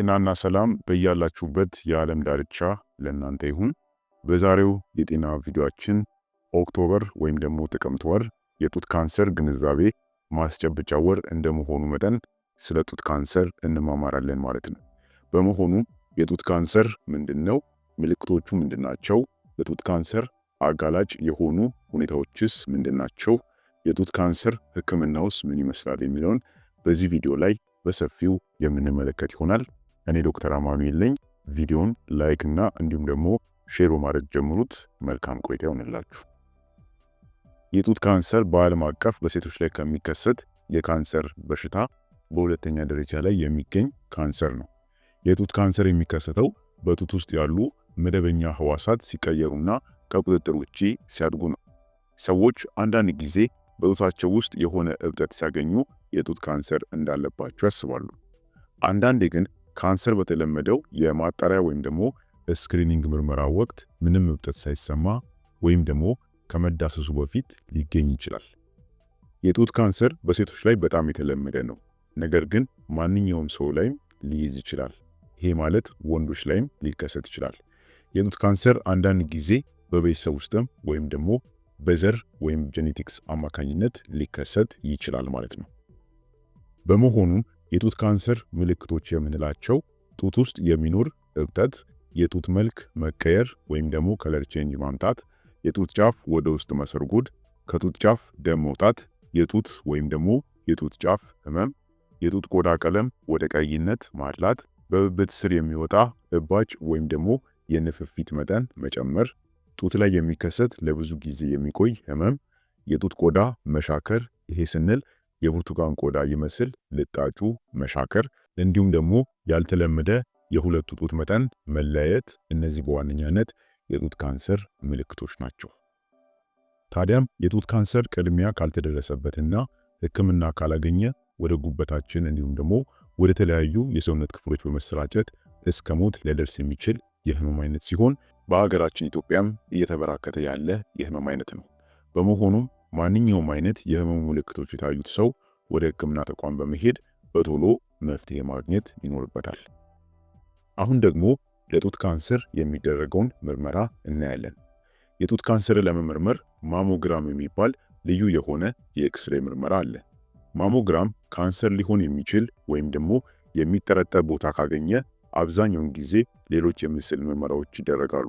ጤናና ሰላም በያላችሁበት የዓለም ዳርቻ ለእናንተ ይሁን። በዛሬው የጤና ቪዲዮአችን ኦክቶበር ወይም ደግሞ ጥቅምት ወር የጡት ካንሰር ግንዛቤ ማስጨበጫ ወር እንደመሆኑ መጠን ስለ ጡት ካንሰር እንማማራለን ማለት ነው። በመሆኑ የጡት ካንሰር ምንድን ነው? ምልክቶቹ ምንድን ናቸው? ለጡት ካንሰር አጋላጭ የሆኑ ሁኔታዎችስ ምንድን ናቸው? የጡት ካንሰር ሕክምናውስ ምን ይመስላል የሚለውን በዚህ ቪዲዮ ላይ በሰፊው የምንመለከት ይሆናል። እኔ ዶክተር አማኑኤል ነኝ። ቪዲዮን ላይክ እና እንዲሁም ደግሞ ሼር በማድረግ ጀምሩት። መልካም ቆይታ ይሆንላችሁ። የጡት ካንሰር በዓለም አቀፍ በሴቶች ላይ ከሚከሰት የካንሰር በሽታ በሁለተኛ ደረጃ ላይ የሚገኝ ካንሰር ነው። የጡት ካንሰር የሚከሰተው በጡት ውስጥ ያሉ መደበኛ ህዋሳት ሲቀየሩና ከቁጥጥር ውጪ ሲያድጉ ነው። ሰዎች አንዳንድ ጊዜ በጡታቸው ውስጥ የሆነ እብጠት ሲያገኙ የጡት ካንሰር እንዳለባቸው ያስባሉ። አንዳንዴ ግን ካንሰር በተለመደው የማጣሪያ ወይም ደግሞ ስክሪኒንግ ምርመራ ወቅት ምንም እብጠት ሳይሰማ ወይም ደግሞ ከመዳሰሱ በፊት ሊገኝ ይችላል። የጡት ካንሰር በሴቶች ላይ በጣም የተለመደ ነው፣ ነገር ግን ማንኛውም ሰው ላይም ሊይዝ ይችላል። ይሄ ማለት ወንዶች ላይም ሊከሰት ይችላል። የጡት ካንሰር አንዳንድ ጊዜ በቤተሰብ ውስጥም ወይም ደግሞ በዘር ወይም ጄኔቲክስ አማካኝነት ሊከሰት ይችላል ማለት ነው። በመሆኑም የጡት ካንሰር ምልክቶች የምንላቸው ጡት ውስጥ የሚኖር እብጠት፣ የጡት መልክ መቀየር ወይም ደግሞ ከለር ቼንጅ ማምጣት፣ የጡት ጫፍ ወደ ውስጥ መሰርጎድ፣ ከጡት ጫፍ ደም መውጣት፣ የጡት ወይም ደግሞ የጡት ጫፍ ህመም፣ የጡት ቆዳ ቀለም ወደ ቀይነት ማድላት፣ በብብት ስር የሚወጣ እባጭ ወይም ደግሞ የንፍፊት መጠን መጨመር፣ ጡት ላይ የሚከሰት ለብዙ ጊዜ የሚቆይ ህመም፣ የጡት ቆዳ መሻከር። ይሄ ስንል የብርቱካን ቆዳ ይመስል ልጣጩ መሻከር እንዲሁም ደግሞ ያልተለመደ የሁለቱ ጡት መጠን መለያየት፣ እነዚህ በዋነኛነት የጡት ካንሰር ምልክቶች ናቸው። ታዲያም የጡት ካንሰር ቅድሚያ ካልተደረሰበትና ሕክምና ካላገኘ ወደ ጉበታችን እንዲሁም ደግሞ ወደ ተለያዩ የሰውነት ክፍሎች በመሰራጨት እስከ ሞት ሊያደርስ የሚችል የህመም አይነት ሲሆን በሀገራችን ኢትዮጵያም እየተበራከተ ያለ የህመም አይነት ነው። በመሆኑም ማንኛውም አይነት የህመሙ ምልክቶች የታዩት ሰው ወደ ህክምና ተቋም በመሄድ በቶሎ መፍትሄ ማግኘት ይኖርበታል። አሁን ደግሞ ለጡት ካንሰር የሚደረገውን ምርመራ እናያለን። የጡት ካንሰር ለመመርመር ማሞግራም የሚባል ልዩ የሆነ የኤክስሬ ምርመራ አለ። ማሞግራም ካንሰር ሊሆን የሚችል ወይም ደግሞ የሚጠረጠር ቦታ ካገኘ አብዛኛውን ጊዜ ሌሎች የምስል ምርመራዎች ይደረጋሉ።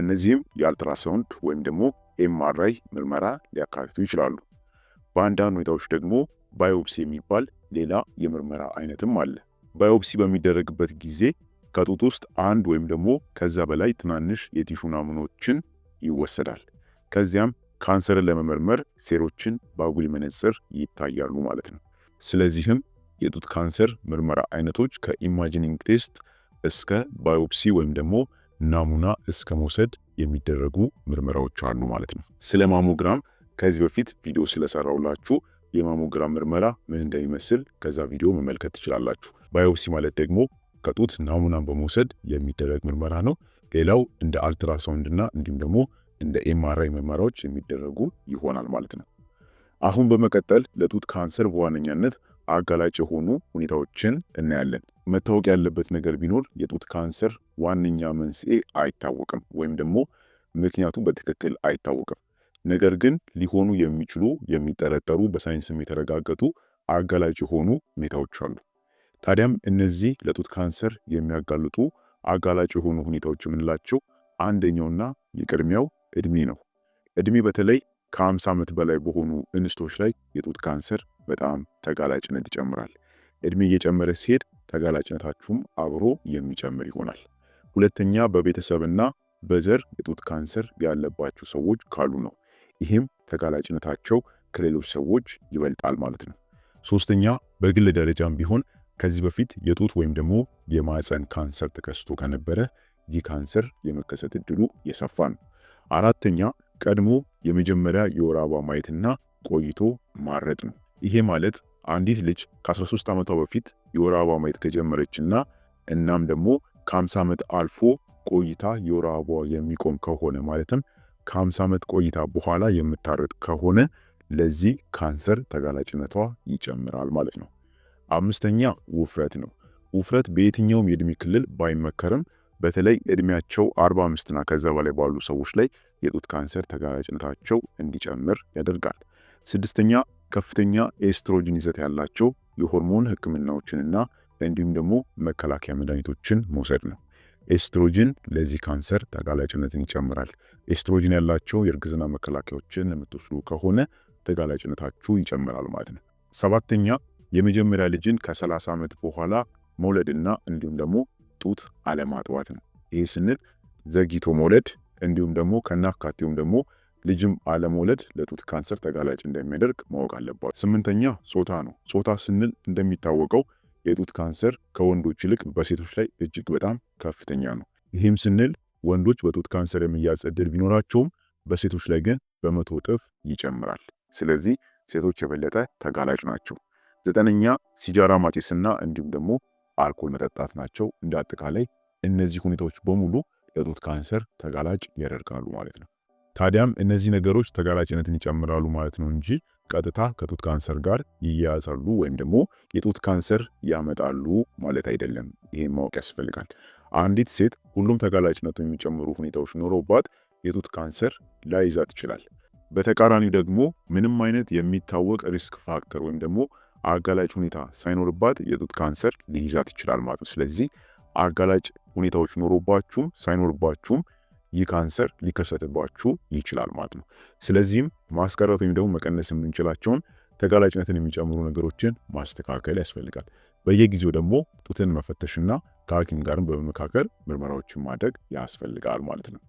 እነዚህም የአልትራሳውንድ ወይም ደግሞ ኤምአርአይ ምርመራ ሊያካትቱ ይችላሉ። በአንዳንድ ሁኔታዎች ደግሞ ባዮፕሲ የሚባል ሌላ የምርመራ አይነትም አለ። ባዮፕሲ በሚደረግበት ጊዜ ከጡት ውስጥ አንድ ወይም ደግሞ ከዛ በላይ ትናንሽ የቲሹ ናሙናዎችን ይወሰዳል። ከዚያም ካንሰርን ለመመርመር ሴሮችን በአጉሊ መነጽር ይታያሉ ማለት ነው። ስለዚህም የጡት ካንሰር ምርመራ አይነቶች ከኢማጂኒንግ ቴስት እስከ ባዮፕሲ ወይም ደግሞ ናሙና እስከ መውሰድ የሚደረጉ ምርመራዎች አሉ ማለት ነው። ስለ ማሞግራም ከዚህ በፊት ቪዲዮ ስለሰራውላችሁ የማሞግራም ምርመራ ምን እንደሚመስል ከዛ ቪዲዮ መመልከት ትችላላችሁ። ባዮፕሲ ማለት ደግሞ ከጡት ናሙናን በመውሰድ የሚደረግ ምርመራ ነው። ሌላው እንደ አልትራሳውንድ እና እንዲሁም ደግሞ እንደ ኤምአርአይ ምርመራዎች የሚደረጉ ይሆናል ማለት ነው። አሁን በመቀጠል ለጡት ካንሰር በዋነኛነት አጋላጭ የሆኑ ሁኔታዎችን እናያለን። መታወቅ ያለበት ነገር ቢኖር የጡት ካንሰር ዋነኛ መንስኤ አይታወቅም ወይም ደግሞ ምክንያቱ በትክክል አይታወቅም። ነገር ግን ሊሆኑ የሚችሉ የሚጠረጠሩ፣ በሳይንስም የተረጋገጡ አጋላጭ የሆኑ ሁኔታዎች አሉ። ታዲያም እነዚህ ለጡት ካንሰር የሚያጋልጡ አጋላጭ የሆኑ ሁኔታዎች የምንላቸው አንደኛውና የቅድሚያው እድሜ ነው። እድሜ በተለይ ከ50 ዓመት በላይ በሆኑ እንስቶች ላይ የጡት ካንሰር በጣም ተጋላጭነት ይጨምራል። እድሜ እየጨመረ ሲሄድ ተጋላጭነታችሁም አብሮ የሚጨምር ይሆናል። ሁለተኛ በቤተሰብና በዘር የጡት ካንሰር ያለባቸው ሰዎች ካሉ ነው። ይህም ተጋላጭነታቸው ከሌሎች ሰዎች ይበልጣል ማለት ነው። ሶስተኛ በግል ደረጃም ቢሆን ከዚህ በፊት የጡት ወይም ደግሞ የማፀን ካንሰር ተከስቶ ከነበረ ይህ ካንሰር የመከሰት እድሉ የሰፋ ነው። አራተኛ ቀድሞ የመጀመሪያ የወር አበባ ማየትና ቆይቶ ማረጥ ነው። ይሄ ማለት አንዲት ልጅ ከ13 ዓመቷ በፊት የወር አበባ ማየት ከጀመረችና እናም ደግሞ ከ50 ዓመት አልፎ ቆይታ የወር አበባ የሚቆም ከሆነ ማለትም ከ50 ዓመት ቆይታ በኋላ የምታረጥ ከሆነ ለዚህ ካንሰር ተጋላጭነቷ ይጨምራል ማለት ነው። አምስተኛ ውፍረት ነው። ውፍረት በየትኛውም የዕድሜ ክልል ባይመከርም በተለይ እድሜያቸው 45 ና ከዛ በላይ ባሉ ሰዎች ላይ የጡት ካንሰር ተጋላጭነታቸው እንዲጨምር ያደርጋል። ስድስተኛ ከፍተኛ ኤስትሮጅን ይዘት ያላቸው የሆርሞን ህክምናዎችንና እንዲሁም ደግሞ መከላከያ መድኃኒቶችን መውሰድ ነው። ኤስትሮጅን ለዚህ ካንሰር ተጋላጭነትን ይጨምራል። ኤስትሮጅን ያላቸው የእርግዝና መከላከያዎችን የምትወስዱ ከሆነ ተጋላጭነታችሁ ይጨምራል ማለት ነው። ሰባተኛ የመጀመሪያ ልጅን ከ30 ዓመት በኋላ መውለድና እንዲሁም ደግሞ ጡት አለማጥባት ነው። ይህ ስንል ዘግይቶ መውለድ እንዲሁም ደግሞ ከናካቴውም ደግሞ ልጅም አለመውለድ ለጡት ካንሰር ተጋላጭ እንደሚያደርግ ማወቅ አለባት። ስምንተኛ ጾታ ነው። ጾታ ስንል እንደሚታወቀው የጡት ካንሰር ከወንዶች ይልቅ በሴቶች ላይ እጅግ በጣም ከፍተኛ ነው። ይህም ስንል ወንዶች በጡት ካንሰር የመያዝ ቢኖራቸውም በሴቶች ላይ ግን በመቶ እጥፍ ይጨምራል። ስለዚህ ሴቶች የበለጠ ተጋላጭ ናቸው። ዘጠነኛ ሲጃራ ማጨስና እንዲሁም ደግሞ አልኮል መጠጣት ናቸው። እንደ አጠቃላይ እነዚህ ሁኔታዎች በሙሉ ለጡት ካንሰር ተጋላጭ ያደርጋሉ ማለት ነው። ታዲያም እነዚህ ነገሮች ተጋላጭነትን ይጨምራሉ ማለት ነው እንጂ ቀጥታ ከጡት ካንሰር ጋር ይያያዛሉ ወይም ደግሞ የጡት ካንሰር ያመጣሉ ማለት አይደለም። ይሄን ማወቅ ያስፈልጋል። አንዲት ሴት ሁሉም ተጋላጭነቱ የሚጨምሩ ሁኔታዎች ኖሮባት የጡት ካንሰር ላይዛት ይችላል። በተቃራኒው ደግሞ ምንም አይነት የሚታወቅ ሪስክ ፋክተር ወይም ደግሞ አጋላጭ ሁኔታ ሳይኖርባት የጡት ካንሰር ሊይዛት ይችላል ማለት ነው። ስለዚህ አጋላጭ ሁኔታዎች ኖሮባችሁም ሳይኖርባችሁም ይህ ካንሰር ሊከሰትባችሁ ይችላል ማለት ነው። ስለዚህም ማስቀረት ወይም ደግሞ መቀነስ የምንችላቸውን ተጋላጭነትን የሚጨምሩ ነገሮችን ማስተካከል ያስፈልጋል። በየጊዜው ደግሞ ጡትን መፈተሽና ከሐኪም ጋርም በመመካከል ምርመራዎችን ማድረግ ያስፈልጋል ማለት ነው።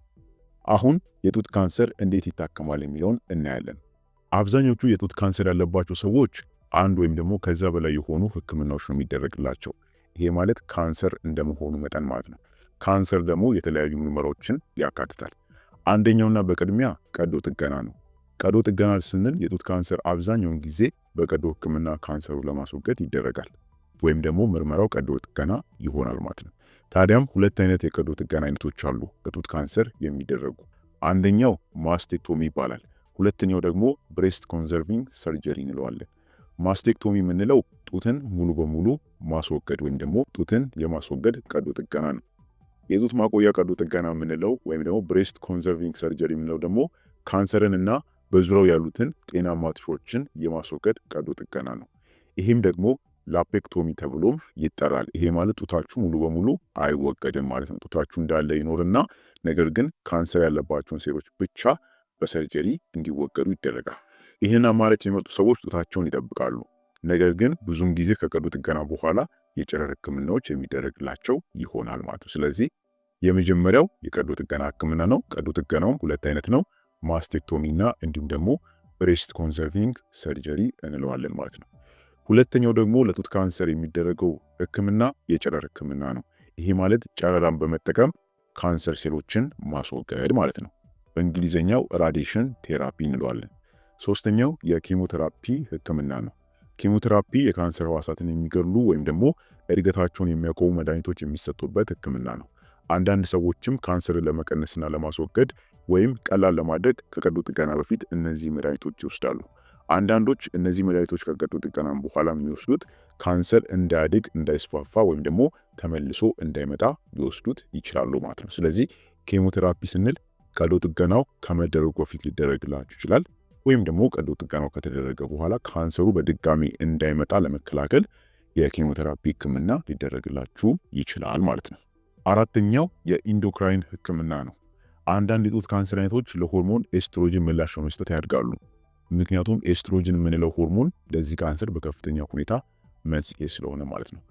አሁን የጡት ካንሰር እንዴት ይታከማል የሚለውን እናያለን። አብዛኞቹ የጡት ካንሰር ያለባቸው ሰዎች አንድ ወይም ደግሞ ከዛ በላይ የሆኑ ህክምናዎች ነው የሚደረግላቸው። ይሄ ማለት ካንሰር እንደመሆኑ መጠን ማለት ነው። ካንሰር ደግሞ የተለያዩ ምርመራዎችን ያካትታል። አንደኛውና በቅድሚያ ቀዶ ጥገና ነው። ቀዶ ጥገና ስንል የጡት ካንሰር አብዛኛውን ጊዜ በቀዶ ህክምና ካንሰሩ ለማስወገድ ይደረጋል፣ ወይም ደግሞ ምርመራው ቀዶ ጥገና ይሆናል ማለት ነው። ታዲያም ሁለት አይነት የቀዶ ጥገና አይነቶች አሉ ከጡት ካንሰር የሚደረጉ። አንደኛው ማስቴክቶሚ ይባላል። ሁለተኛው ደግሞ ብሬስት ኮንዘርቪንግ ሰርጀሪ እንለዋለን። ማስቴክቶሚ የምንለው ጡትን ሙሉ በሙሉ ማስወገድ ወይም ደግሞ ጡትን የማስወገድ ቀዶ ጥገና ነው። የጡት ማቆያ ቀዶ ጥገና የምንለው ወይም ደግሞ ብሬስት ኮንዘርቪንግ ሰርጀሪ የምንለው ደግሞ ካንሰርን እና በዙሪያው ያሉትን ጤናማ ማትሾችን የማስወገድ ቀዶ ጥገና ነው። ይህም ደግሞ ላፔክቶሚ ተብሎም ይጠራል። ይሄ ማለት ጡታችሁ ሙሉ በሙሉ አይወገድም ማለት ነው። ጡታችሁ እንዳለ ይኖርና ነገር ግን ካንሰር ያለባቸውን ሴሎች ብቻ በሰርጀሪ እንዲወገዱ ይደረጋል። ይህን አማራጭ የሚመጡ ሰዎች ጡታቸውን ይጠብቃሉ። ነገር ግን ብዙም ጊዜ ከቀዶ ጥገና በኋላ የጨረር ህክምናዎች የሚደረግላቸው ይሆናል ማለት ነው። ስለዚህ የመጀመሪያው የቀዶ ጥገና ህክምና ነው። ቀዶ ጥገናውም ሁለት አይነት ነው፣ ማስቴክቶሚና እንዲሁም ደግሞ ብሬስት ኮንሰርቪንግ ሰርጀሪ እንለዋለን ማለት ነው። ሁለተኛው ደግሞ ለጡት ካንሰር የሚደረገው ህክምና የጨረር ህክምና ነው። ይሄ ማለት ጨረራን በመጠቀም ካንሰር ሴሎችን ማስወገድ ማለት ነው። በእንግሊዝኛው ራዲሽን ቴራፒ እንለዋለን። ሶስተኛው የኬሞቴራፒ ህክምና ነው። ኬሞቴራፒ የካንሰር ህዋሳትን የሚገሉ ወይም ደግሞ እድገታቸውን የሚያቆሙ መድኃኒቶች የሚሰጡበት ህክምና ነው። አንዳንድ ሰዎችም ካንሰርን ለመቀነስና ለማስወገድ ወይም ቀላል ለማድረግ ከቀዶ ጥገና በፊት እነዚህ መድኃኒቶች ይወስዳሉ። አንዳንዶች እነዚህ መድኃኒቶች ከቀዶ ጥገና በኋላ የሚወስዱት ካንሰር እንዳያድግ፣ እንዳይስፋፋ ወይም ደግሞ ተመልሶ እንዳይመጣ ሊወስዱት ይችላሉ ማለት ነው። ስለዚህ ኬሞቴራፒ ስንል ቀዶ ጥገናው ከመደረጉ በፊት ሊደረግላችሁ ይችላል። ወይም ደግሞ ቀዶ ጥገናው ከተደረገ በኋላ ካንሰሩ በድጋሚ እንዳይመጣ ለመከላከል የኬሞቴራፒ ህክምና ሊደረግላችሁ ይችላል ማለት ነው። አራተኛው የኢንዶክራይን ህክምና ነው። አንዳንድ የጡት ካንሰር አይነቶች ለሆርሞን ኤስትሮጅን ምላሽ በመስጠት ያድጋሉ። ምክንያቱም ኤስትሮጅን የምንለው ሆርሞን ለዚህ ካንሰር በከፍተኛ ሁኔታ መንስኤ ስለሆነ ማለት ነው።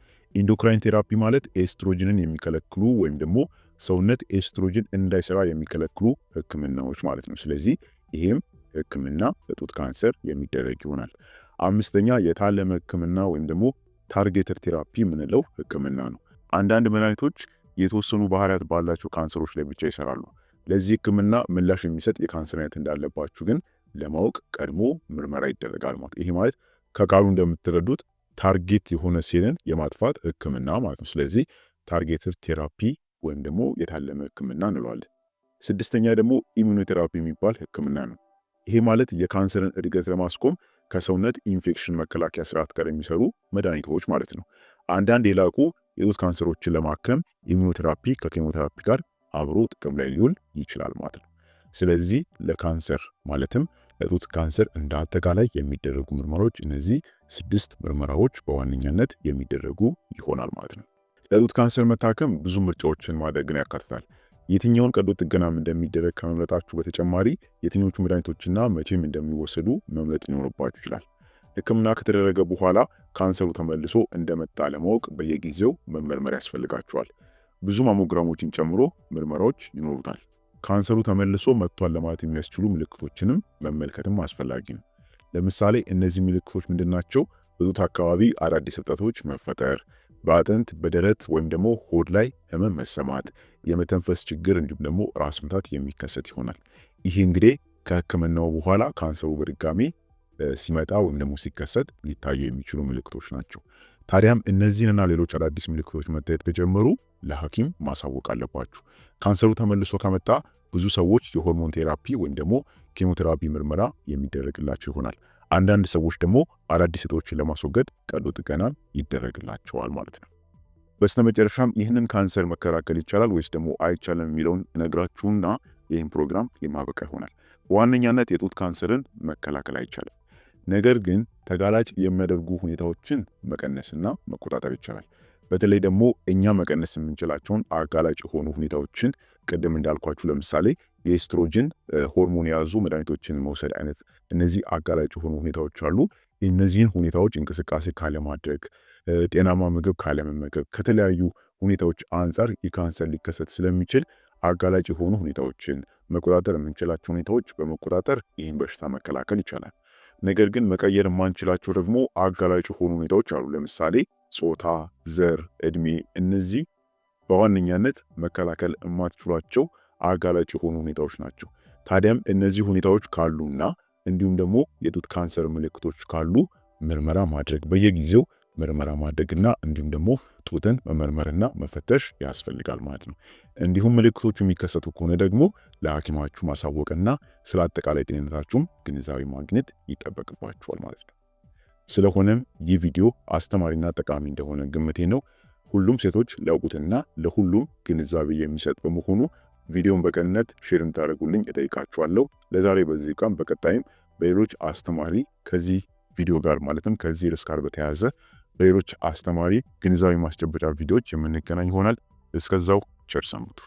ኢንዶክራይን ቴራፒ ማለት ኤስትሮጅንን የሚከለክሉ ወይም ደግሞ ሰውነት ኤስትሮጅን እንዳይሰራ የሚከለክሉ ህክምናዎች ማለት ነው። ስለዚህ ይሄም ህክምና ለጡት ካንሰር የሚደረግ ይሆናል። አምስተኛ የታለመ ህክምና ወይም ደግሞ ታርጌትድ ቴራፒ የምንለው ህክምና ነው። አንዳንድ መድኃኒቶች የተወሰኑ ባህሪያት ባላቸው ካንሰሮች ላይ ብቻ ይሰራሉ። ለዚህ ህክምና ምላሽ የሚሰጥ የካንሰር አይነት እንዳለባችሁ ግን ለማወቅ ቀድሞ ምርመራ ይደረጋል ማለት ይሄ ማለት ከቃሉ እንደምትረዱት ታርጌት የሆነ ሴልን የማጥፋት ህክምና ማለት ነው። ስለዚህ ታርጌትድ ቴራፒ ወይም ደግሞ የታለመ ህክምና እንለዋለን። ስድስተኛ ደግሞ ኢሚኖቴራፒ የሚባል ህክምና ነው። ይሄ ማለት የካንሰርን እድገት ለማስቆም ከሰውነት ኢንፌክሽን መከላከያ ስርዓት ጋር የሚሰሩ መድኃኒቶች ማለት ነው። አንዳንድ የላቁ የጡት ካንሰሮችን ለማከም ኢሚኖቴራፒ ከኬሞቴራፒ ጋር አብሮ ጥቅም ላይ ሊውል ይችላል ማለት ነው። ስለዚህ ለካንሰር ማለትም ለጡት ካንሰር እንደ አጠቃላይ የሚደረጉ ምርመራዎች እነዚህ ስድስት ምርመራዎች በዋነኛነት የሚደረጉ ይሆናል ማለት ነው። ለጡት ካንሰር መታከም ብዙ ምርጫዎችን ማድረግን ያካትታል። የትኛውን ቀዶ ጥገናም እንደሚደረግ ከመምረጣችሁ በተጨማሪ የትኞቹ መድኃኒቶችና መቼም እንደሚወሰዱ መምረጥ ሊኖርባችሁ ይችላል። ሕክምና ከተደረገ በኋላ ካንሰሩ ተመልሶ እንደመጣ ለማወቅ በየጊዜው መመርመር ያስፈልጋችኋል። ብዙ ማሞግራሞችን ጨምሮ ምርመራዎች ይኖሩታል። ካንሰሩ ተመልሶ መጥቷል ለማለት የሚያስችሉ ምልክቶችንም መመልከትም አስፈላጊ ነው። ለምሳሌ እነዚህ ምልክቶች ምንድናቸው? ናቸው? አካባቢ አዳዲስ እብጠቶች መፈጠር በአጥንት በደረት ወይም ደግሞ ሆድ ላይ ህመም መሰማት፣ የመተንፈስ ችግር እንዲሁም ደግሞ ራስ ምታት የሚከሰት ይሆናል። ይህ እንግዲህ ከህክምናው በኋላ ካንሰሩ በድጋሚ ሲመጣ ወይም ደግሞ ሲከሰት ሊታዩ የሚችሉ ምልክቶች ናቸው። ታዲያም እነዚህንና ሌሎች አዳዲስ ምልክቶች መታየት ከጀመሩ ለሐኪም ማሳወቅ አለባችሁ። ካንሰሩ ተመልሶ ከመጣ ብዙ ሰዎች የሆርሞን ቴራፒ ወይም ደግሞ ኬሞቴራፒ ምርመራ የሚደረግላቸው ይሆናል። አንዳንድ ሰዎች ደግሞ አዳዲስ እጢዎችን ለማስወገድ ቀዶ ጥገና ይደረግላቸዋል ማለት ነው። በስተመጨረሻም ይህንን ካንሰር መከላከል ይቻላል ወይስ ደግሞ አይቻልም የሚለውን ነግራችሁና ይህን ፕሮግራም የማበቃ ይሆናል። በዋነኛነት የጡት ካንሰርን መከላከል አይቻልም፣ ነገር ግን ተጋላጭ የሚያደርጉ ሁኔታዎችን መቀነስና መቆጣጠር ይቻላል። በተለይ ደግሞ እኛ መቀነስ የምንችላቸውን አጋላጭ የሆኑ ሁኔታዎችን ቅድም እንዳልኳችሁ ለምሳሌ የኤስትሮጅን ሆርሞን የያዙ መድኃኒቶችን መውሰድ አይነት እነዚህ አጋላጭ የሆኑ ሁኔታዎች አሉ። እነዚህን ሁኔታዎች እንቅስቃሴ ካለማድረግ፣ ጤናማ ምግብ ካለመመገብ ከተለያዩ ሁኔታዎች አንጻር የካንሰር ሊከሰት ስለሚችል አጋላጭ የሆኑ ሁኔታዎችን መቆጣጠር የምንችላቸው ሁኔታዎች በመቆጣጠር ይህን በሽታ መከላከል ይቻላል። ነገር ግን መቀየር የማንችላቸው ደግሞ አጋላጭ የሆኑ ሁኔታዎች አሉ። ለምሳሌ ጾታ፣ ዘር፣ እድሜ እነዚህ በዋነኛነት መከላከል የማትችሏቸው አጋላጭ የሆኑ ሁኔታዎች ናቸው። ታዲያም እነዚህ ሁኔታዎች ካሉና እንዲሁም ደግሞ የጡት ካንሰር ምልክቶች ካሉ ምርመራ ማድረግ በየጊዜው ምርመራ ማድረግና እንዲሁም ደግሞ ጡትን መመርመርና መፈተሽ ያስፈልጋል ማለት ነው። እንዲሁም ምልክቶቹ የሚከሰቱ ከሆነ ደግሞ ለሐኪማችሁ ማሳወቅና ስለ አጠቃላይ ጤንነታችሁም ግንዛቤ ማግኘት ይጠበቅባችኋል ማለት ነው። ስለሆነም ይህ ቪዲዮ አስተማሪና ጠቃሚ እንደሆነ ግምቴ ነው። ሁሉም ሴቶች ሊያውቁትና ለሁሉም ግንዛቤ የሚሰጥ በመሆኑ ቪዲዮን በቅንነት ሼር እንድታደርጉልኝ እጠይቃችኋለሁ። ለዛሬ በዚህ ቃም በቀጣይም በሌሎች አስተማሪ ከዚህ ቪዲዮ ጋር ማለትም ከዚህ ርዕስ ጋር በተያያዘ በሌሎች አስተማሪ ግንዛቤ ማስጨበጫ ቪዲዮዎች የምንገናኝ ይሆናል። እስከዛው ቸር ሰንብቱ።